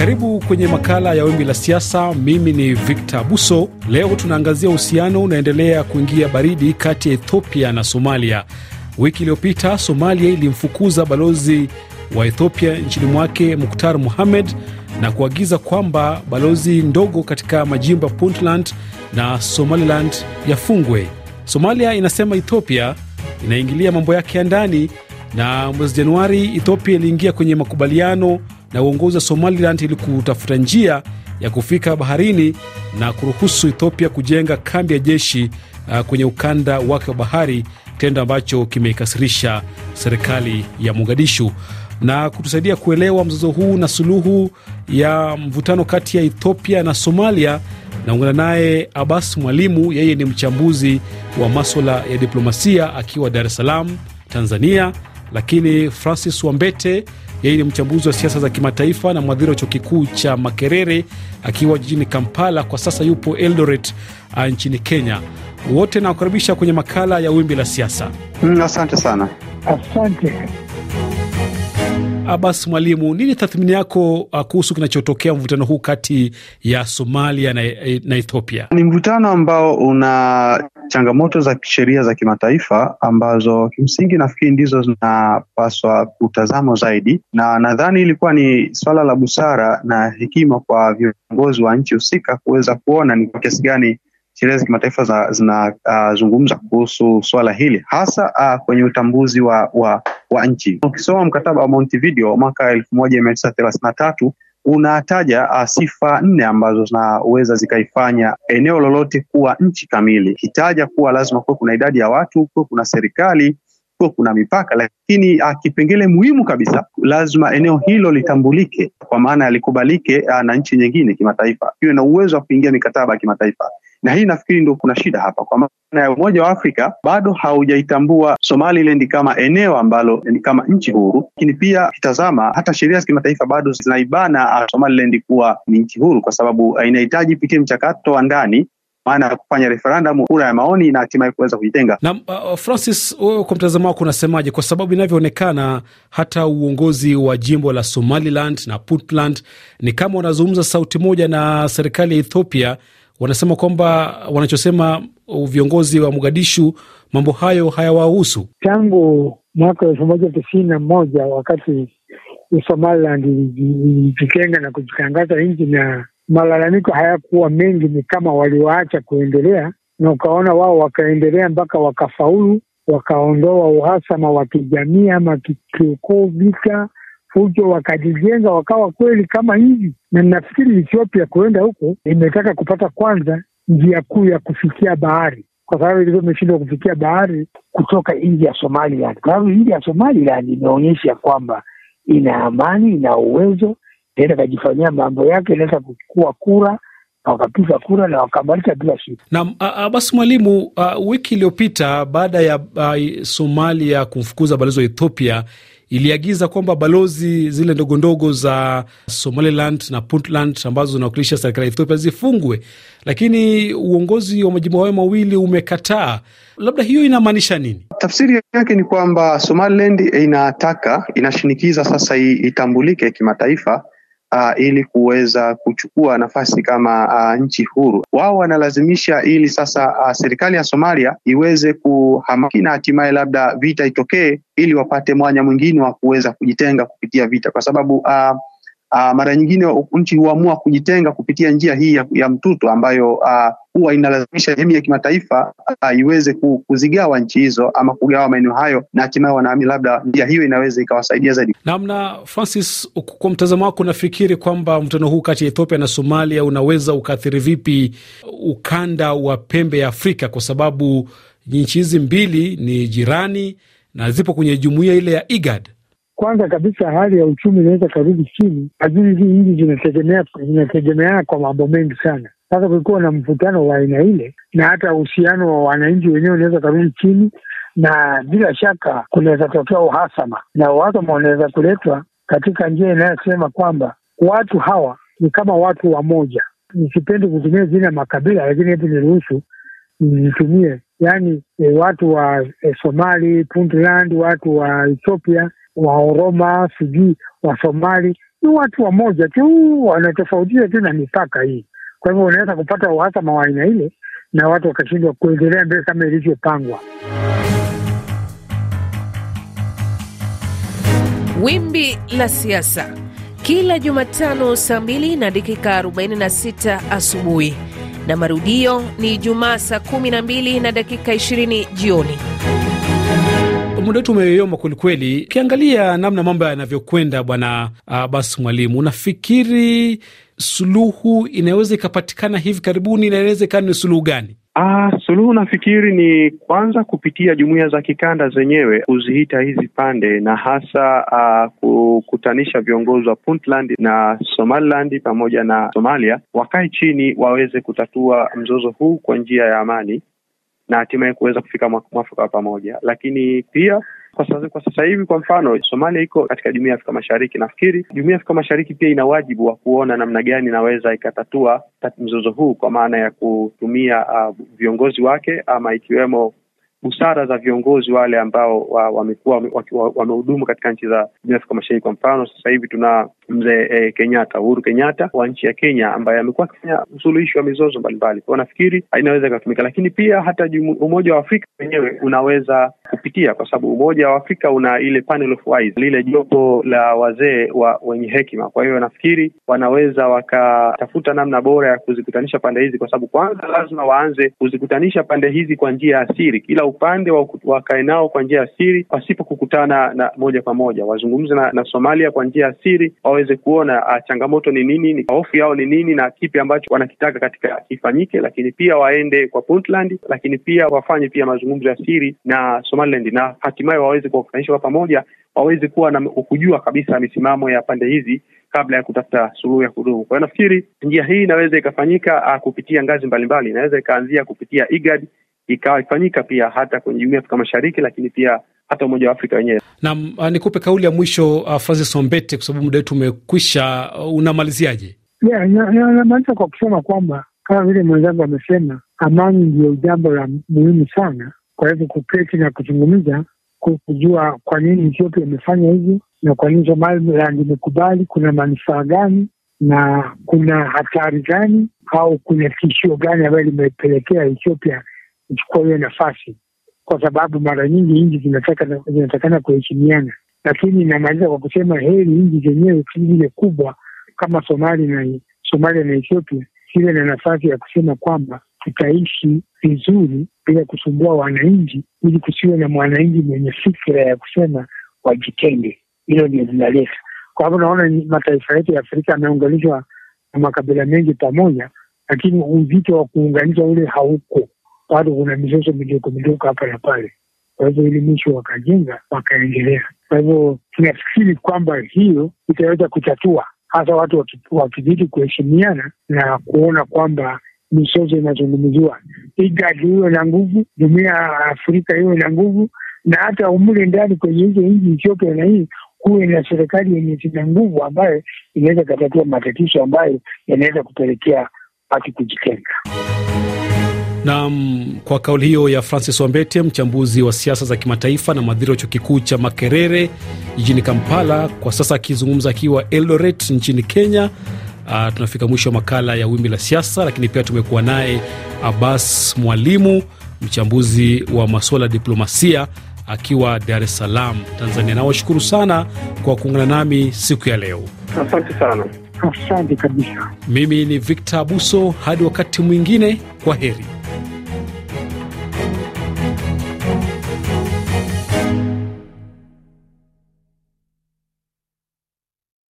Karibu kwenye makala ya Wimbi la Siasa. Mimi ni Victor Buso. Leo tunaangazia uhusiano unaendelea kuingia baridi kati ya Ethiopia na Somalia. Wiki iliyopita Somalia ilimfukuza balozi wa Ethiopia nchini mwake Muktar Muhamed na kuagiza kwamba balozi ndogo katika majimbo ya Puntland na Somaliland yafungwe. Somalia inasema Ethiopia inaingilia mambo yake ya ndani, na mwezi Januari Ethiopia iliingia kwenye makubaliano na uongozi wa Somaliland ili kutafuta njia ya kufika baharini na kuruhusu Ethiopia kujenga kambi ya jeshi uh, kwenye ukanda wake wa bahari, kitendo ambacho kimeikasirisha serikali ya Mogadishu. Na kutusaidia kuelewa mzozo huu na suluhu ya mvutano kati ya Ethiopia na Somalia, naungana naye Abbas Mwalimu, yeye ni mchambuzi wa maswala ya diplomasia akiwa Dar es Salaam, Tanzania, lakini Francis Wambete yeye ni mchambuzi wa siasa za kimataifa na mwadhiri wa chuo kikuu cha Makerere akiwa jijini Kampala. Kwa sasa yupo Eldoret ah, nchini Kenya. Wote nawakaribisha kwenye makala ya Wimbi la Siasa. Mm, asante sana. Asante. Abbas Mwalimu, nini tathmini yako uh, kuhusu kinachotokea mvutano huu kati ya Somalia na, na Ethiopia? Ni mvutano ambao una changamoto za sheria za kimataifa ambazo kimsingi nafikiri ndizo zinapaswa kutazamwa zaidi, na nadhani ilikuwa ni swala la busara na hekima kwa viongozi wa nchi husika kuweza kuona ni kwa kiasi gani sheria za kimataifa zinazungumza uh, kuhusu swala hili hasa uh, kwenye utambuzi wa, wa wa nchi. Ukisoma mkataba wa Montevideo mwaka elfu moja mia tisa thelathini na tatu unataja ah, sifa nne ambazo zinaweza zikaifanya eneo lolote kuwa nchi kamili, ikitaja kuwa lazima kuwe kuna idadi ya watu, kuwe kuna serikali, kuwe kuna mipaka, lakini ah, kipengele muhimu kabisa, lazima eneo hilo litambulike, kwa maana yalikubalike ah, na nchi nyingine kimataifa, iwe na uwezo wa kuingia mikataba ya kimataifa na hii nafikiri ndio kuna shida hapa, kwa maana ya Umoja wa Afrika bado haujaitambua Somaliland kama eneo ambalo ni kama nchi huru, lakini pia kitazama hata sheria za kimataifa bado zinaibana Somaliland kuwa ni nchi huru, kwa sababu inahitaji pitie mchakato wa ndani maana ya kufanya referendum, kura ya maoni na hatimaye kuweza kujitenga. Na uh, Francis, wewe kwa mtazamo wako unasemaje? Kwa sababu inavyoonekana hata uongozi wa jimbo la Somaliland na Puntland ni kama wanazungumza sauti moja na serikali ya Ethiopia wanasema kwamba wanachosema viongozi wa Mogadishu mambo hayo hayawahusu. Tangu mwaka wa elfu moja tisini na moja wakati Somaliland ilijitenga na kujitangaza nchi, na malalamiko hayakuwa mengi, ni kama waliwaacha kuendelea, na ukaona wao wakaendelea mpaka wakafaulu, wakaondoa uhasama wa kijamii ama kiukoo, vita fujo, wakajijenga wakawa kweli kama hivi, na nafikiri Ethiopia kuenda huko imetaka kupata kwanza njia kuu ya kufikia bahari kwa sababu ilivyo imeshindwa kufikia bahari kutoka nji ya Somaliland, kwa sababu nji ya Somaliland imeonyesha kwamba ina amani, ina uwezo, naenda kajifanyia mambo yake, inaweza kuchukua kura na wakapiga kura na wakamaliza bila shida. Naam, basi mwalimu, wiki iliyopita baada ya a, Somalia kumfukuza balozi wa Ethiopia iliagiza kwamba balozi zile ndogondogo za Somaliland na Puntland ambazo zinawakilisha serikali ya Ethiopia zifungwe, lakini uongozi wa majimbo hayo mawili umekataa. Labda hiyo inamaanisha nini? Tafsiri yake ni kwamba Somaliland inataka inashinikiza sasa itambulike kimataifa Uh, ili kuweza kuchukua nafasi kama uh, nchi huru. Wao wanalazimisha ili sasa uh, serikali ya Somalia iweze kuhamaki na hatimaye labda vita itokee, ili wapate mwanya mwingine wa kuweza kujitenga kupitia vita, kwa sababu uh, Uh, mara nyingine nchi huamua kujitenga kupitia njia hii ya, ya mtuto ambayo uh, huwa inalazimisha jamii ya kimataifa uh, iweze kuzigawa nchi hizo ama kugawa maeneo hayo, na hatimaye wanaamini labda njia hiyo inaweza ikawasaidia zaidi. Namna Francis, kwa mtazamo wako, unafikiri kwamba mtano huu kati ya Ethiopia na Somalia unaweza ukaathiri vipi ukanda wa pembe ya Afrika, kwa sababu nchi hizi mbili ni jirani na zipo kwenye jumuiya ile ya IGAD? kwanza kabisa hali ya uchumi inaweza karudi chini. lakini hizi nchi zinategemea zinategemeana kwa mambo mengi sana. Sasa kulikuwa na mvutano wa aina ile, na hata uhusiano wa wananchi wenyewe unaweza karudi chini, na bila shaka kunaweza tokea uhasama, na uhasama unaweza kuletwa katika njia inayosema kwamba watu hawa ni kama watu wamoja. Nisipendi kutumia jina makabila, lakini hebu niruhusu nizitumie yaani e, watu wa e, Somali, Puntland, watu wa Ethiopia, wa Oroma, sijui wa Somali ni watu wamoja tu, wanatofautia tu na mipaka hii. Kwa hivyo unaweza kupata uhasama wa aina ile na watu wakashindwa kuendelea mbele kama ilivyopangwa. Wimbi la siasa kila Jumatano saa mbili na dakika 46 asubuhi na marudio ni Jumaa saa 12 na dakika 20 jioni. Muda wetu umeyoyoma kwelikweli. Ukiangalia namna mambo yanavyokwenda, bwana Abbas Mwalimu, unafikiri suluhu inaweza ikapatikana hivi karibuni na inaweza ikawa ni suluhu gani? Ah, suluhu nafikiri ni kwanza kupitia jumuiya za kikanda zenyewe kuziita hizi pande na hasa ah, kukutanisha viongozi wa Puntland na Somaliland pamoja na Somalia wakae chini waweze kutatua mzozo huu kwa njia ya amani na hatimaye kuweza kufika mwafaka pamoja, lakini pia kwa sasa, kwa sasa hivi kwa mfano Somalia iko katika jumuiya ya Afrika Mashariki. Nafikiri jumuiya ya Afrika Mashariki pia ina wajibu wa kuona namna gani inaweza ikatatua mzozo huu kwa maana ya kutumia uh, viongozi wake ama ikiwemo busara za viongozi wale ambao wamekuwa wamehudumu wa, wa, wa katika nchi za Afrika Mashariki. Kwa mfano sasa hivi tuna mzee e, Kenyatta, Uhuru Kenyatta wa nchi ya Kenya, ambaye amekuwa akifanya usuluhishi wa mizozo mbalimbali. Kwao nafikiri inaweza ikatumika, lakini pia hata Umoja wa Afrika wenyewe unaweza kupitia, kwa sababu Umoja wa Afrika una ile panel of wise, lile jopo la wazee wa wenye hekima. Kwa hiyo nafikiri wanaweza wakatafuta namna bora ya kuzikutanisha pande hizi, kwa sababu kwanza lazima waanze kuzikutanisha pande hizi kwa njia ya siri, kila upande wakae nao kwa njia ya siri pasipo kukutana na moja kwa moja, wazungumze na, na Somalia kwa njia ya siri wawe waweze kuona a, ah, changamoto ni nini, ni hofu yao ni nini na kipi ambacho wanakitaka katika kifanyike, lakini pia waende kwa Puntland, lakini pia wafanye pia mazungumzo ya siri na Somaliland na hatimaye waweze kuwakutanisha kwa pamoja, waweze kuwa na kujua kabisa misimamo ya pande hizi kabla ya kutafuta suluhu ya kudumu. Kwa hiyo nafikiri njia hii inaweza ikafanyika ah, kupitia ngazi mbalimbali, inaweza ikaanzia kupitia IGAD ikawa ifanyika pia hata kwenye jumuiya Afrika Mashariki, lakini pia hata Umoja wa Afrika wenyewe. Nam, ah, nikupe kauli ya mwisho uh, Francis Ombete, kwa sababu muda wetu umekwisha. Uh, unamaliziaje? Yeah, namaliza kwa kusema kwamba kama vile mwenzangu amesema, amani ndiyo jambo la muhimu sana. Kwa hivyo kuketi na kuzungumza, kujua kwa nini Ethiopia imefanya hivyo na kwa nini Somaliland imekubali, kuna manufaa gani na kuna hatari gani au kuna tishio gani ambayo limepelekea Ethiopia kuchukua hiyo nafasi, kwa sababu mara nyingi nchi zinatakana kuheshimiana. Lakini inamaliza kwa kusema heri nchi zenyewe zile kubwa kama Somali na Somalia na Ethiopia zile na nafasi ya kusema kwamba tutaishi vizuri bila kusumbua wananchi, ili kusiwe na mwananchi mwenye fikira ya kusema wajitenge. Hilo ndio linaleta kwa hapo. naona mataifa yetu ya Afrika yameunganishwa na makabila mengi pamoja, lakini uzito wa kuunganisha ule hauko bado kuna mizozo midogo midogo hapa na pale. Kwa hivyo ili mwisho wakajenga wakaendelea. Kwa hivyo tunafikiri kwamba hiyo itaweza kutatua, hasa watu wakizidi kuheshimiana na kuona kwamba mizozo inazungumziwa, IGAD iwe na nguvu, jumuiya ya Afrika iwe na nguvu, na hata umule ndani kwenye hizo nchi, Ethiopia na hii kuwe na serikali yenye zina nguvu ambayo inaweza ikatatua matatizo ambayo yanaweza kupelekea watu kujitenga. Nam, kwa kauli hiyo ya Francis Wambete, mchambuzi wa siasa za kimataifa na mhadhiri wa chuo kikuu cha Makerere jijini Kampala, kwa sasa akizungumza akiwa Eldoret nchini Kenya. Uh, tunafika mwisho wa makala ya Wimbi la Siasa, lakini pia tumekuwa naye Abbas Mwalimu, mchambuzi wa masuala ya diplomasia akiwa Dar es Salaam, Tanzania. Nawashukuru sana kwa kuungana nami siku ya leo, asante sana. Asante kabisa. Mimi ni Victor Abuso, hadi wakati mwingine, kwa heri.